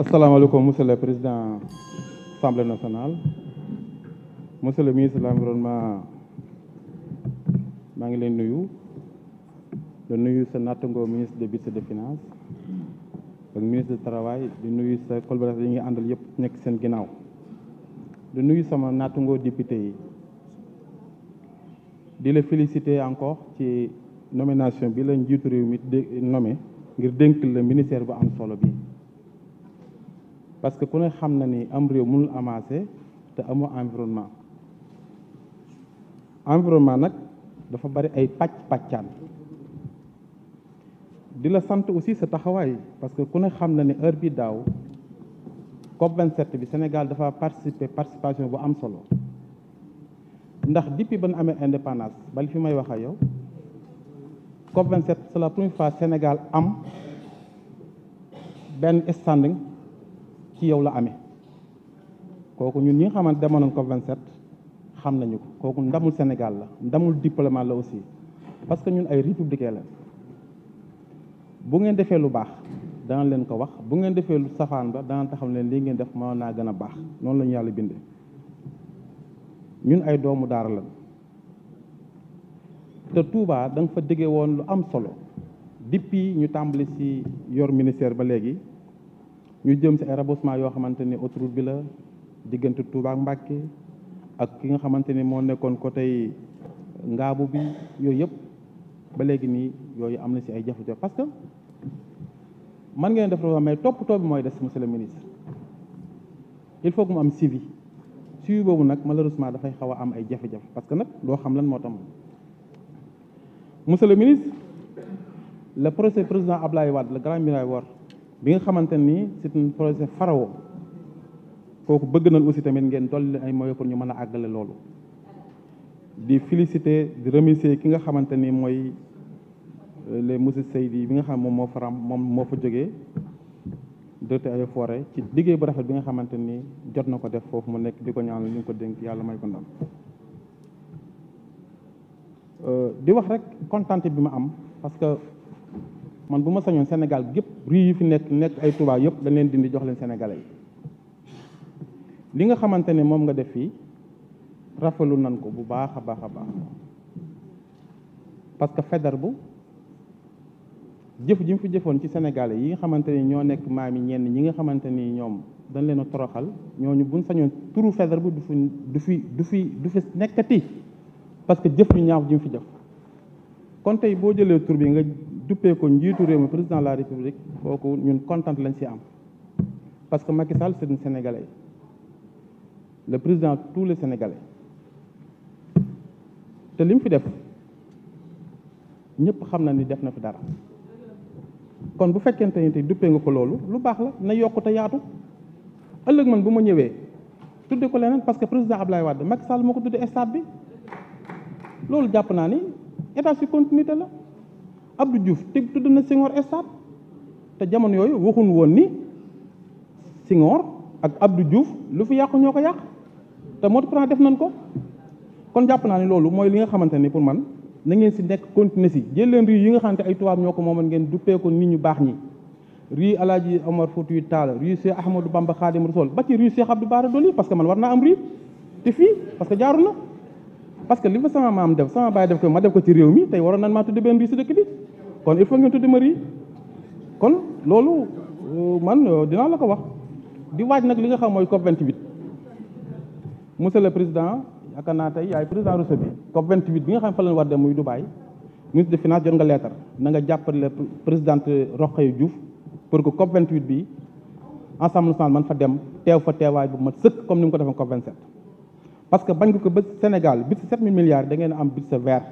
asalaamaaleykum monsieur le président assemblée nationale monsieur le ministre de l'environnement maa ngi leen nuyu di nuyu sa nattangoo ministre de budget de finance ak ministre de travail di nuyu sa collaborateur yi ngi àndal yëpp nekk seen ginnaaw da nuyu sama nattangoo député yi di la féliciter encore ci nomination bi la njiitu réew mi nommé ngir dénk la ministère bu am solo bi parce que ku ne xam na ni am réew mënul avancer te amoo environnement environnement nag dafa bari ay pàcc pàccaan di la sant aussi sa taxawaay parce que ku ne xam na ne heure bi daaw COP 27 bi Sénégal dafa participer participation bu am solo ndax depuis ba nu amee indépendance ba fi may wax a yow COP 27 c'est la première fois Sénégal am benn standing ci yow la amee kooku ñun ñi nga xamante demoon ko 27 xam nañu ko kooku ndamul Sénégal la ndamul diplomate la aussi parce que ñun ay républicain la bu ngeen defee lu baax dana leen ko wax bu ngeen defee lu safaan ba dana taxam leen lii ngeen def mën naa gën a baax noonu lañu yàlla bindee ñun ay doomu daara la te Touba da nga fa déggee woon lu am solo depuis ñu tàmbali si yor ministère ba léegi. ñu jëm si ay remboursement yoo xamante ni autoroute bi la diggante Touba ak ak ki nga xamante ni moo nekkoon ko côté ngaabu bi yooyu yëpp ba léegi nii yooyu am na si ay jafe-jafe parce que man ngeen def mais toppatoo mooy des monsieur le ministre il faut mu am suivi boobu nag malheureusement dafay xaw a am ay jafe parce que nag doo xam lan moo tax monsieur le ministre le procès président Ablaye Wade le grand miraille war bi nga xamante ni c'est un projet pharaon kooku bëgg na aussi tamit ngeen dolli ay moyens pour ñu mën a àggale loolu di féliciter di remercier ki nga xamante ni mooy euh, les monsieur Seydi bi nga xam moom moo faram moom moo fa jógee directeur Eaux et ci liggéey bu rafet bi nga xamante ni jot na ko def foofu mu nekk di ko ñaanal ñu ngi ko dénk yàlla may ko ndam euh, di wax rek kontaan bi ma am parce man bu ma sañoon Sénégal gépp rue yi fi nekk nekk ay Touba yëpp dañ leen dindi jox leen Sénégalais yi nga xamante ne moom nga def fii rafetlu nan ko bu baax a baax a baax parce que fedar bu jëf ji mu fi jëfoon ci Sénégalais yi nga xamante ni ñoo nekk maam yi ñenn ñi nga xamante ni ñoom dañ leen a toroxal ñooñu buñ sañoon turu fedar bu du fi du fi du fi du fi nekkati parce que jëf ñu ñaaw ji mu fi jëf kon tey boo jëlee tur bi nga duppee ko njiitu réew mi président de la république kooku ñun kontaan lañ si am parce que Macky Sall c'est un sénégalais le président de tous les sénégalais te li mu fi def ñëpp xam na ni def na fi dara kon bu fekkente ni tey duppee nga ko loolu lu baax la na yokkute yaatu ëllëg man bu ma ñëwee tudde ko leneen parce que président Ablaye Wade Macky Sall moo ko tudde stade bi loolu jàpp naa ni état ci continuité la. Abdou Diouf te tudd na Senghor stade te jamono yooyu waxuñ woon ni Senghor ak Abdou Diouf lu fi yàqu ñoo ko yàq te moo tax def nañ ko kon jàpp naa ne loolu mooy li nga xamante ni pour man na ngeen si nekk continuer si jël leen rue yi nga xamante ay tubaab ñoo ko moomal ngeen duppee ko nit ñu baax ñi rue Alaaji Omar Foutiyu Taal rue Cheikh Ahmadou Bamba Khadim Rasoul ba ci rue Cheikh Abdou Bara Dolly parce que man war naa am rue te fii parce que jaaru na li fa sama maam def sama baay def ko kon il faut ngeen tuddi mairie kon loolu euh, man euh, dinaa la ko wax di waaj nag li nga xam mooy COP 28 monsieur le président yaakaar naa tey yaay président Rousseau bi COP 28 bi nga xam fa lañ war dem muy Dubaï ministre de finance jot nga leetar na nga jàppale présidente Rokhaya Diouf pour que COP 28 bi Assemblée nationale man fa dem teew fa teewaay bu mat sëkk comme ni mu ko defee COP 27. parce que bañ ko ko ba Sénégal bi ci 7000 da ngeen am budget vert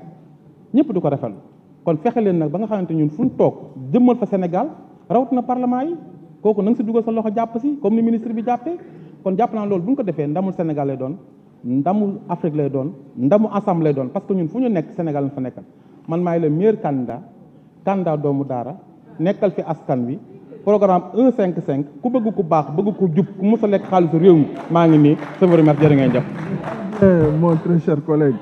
ñëpp du ko rafetlu. kon fexe leen nag ba nga xamante ñun fu ñu toog jëmmal fa Sénégal rawatina parlement yi kooku na si dugal sa loxo jàpp si comme ni ministre bi jàppee kon jàpp naa loolu bu ñu ko defee ndamul Sénégal lay doon ndamul Afrique lay doon ndamu Assam doon parce que ñun fu ñu nekk Sénégal lañ fa nekkal man maay le meilleur candidat candidat doomu daara nekkal fi askan wi programme 155 ku bëgg ku baax bëgg ku jub ku mos a lekk xaalisu réew maa ngi nii sama remercié jërë ngeen jëf. Eh, mon très cher collègue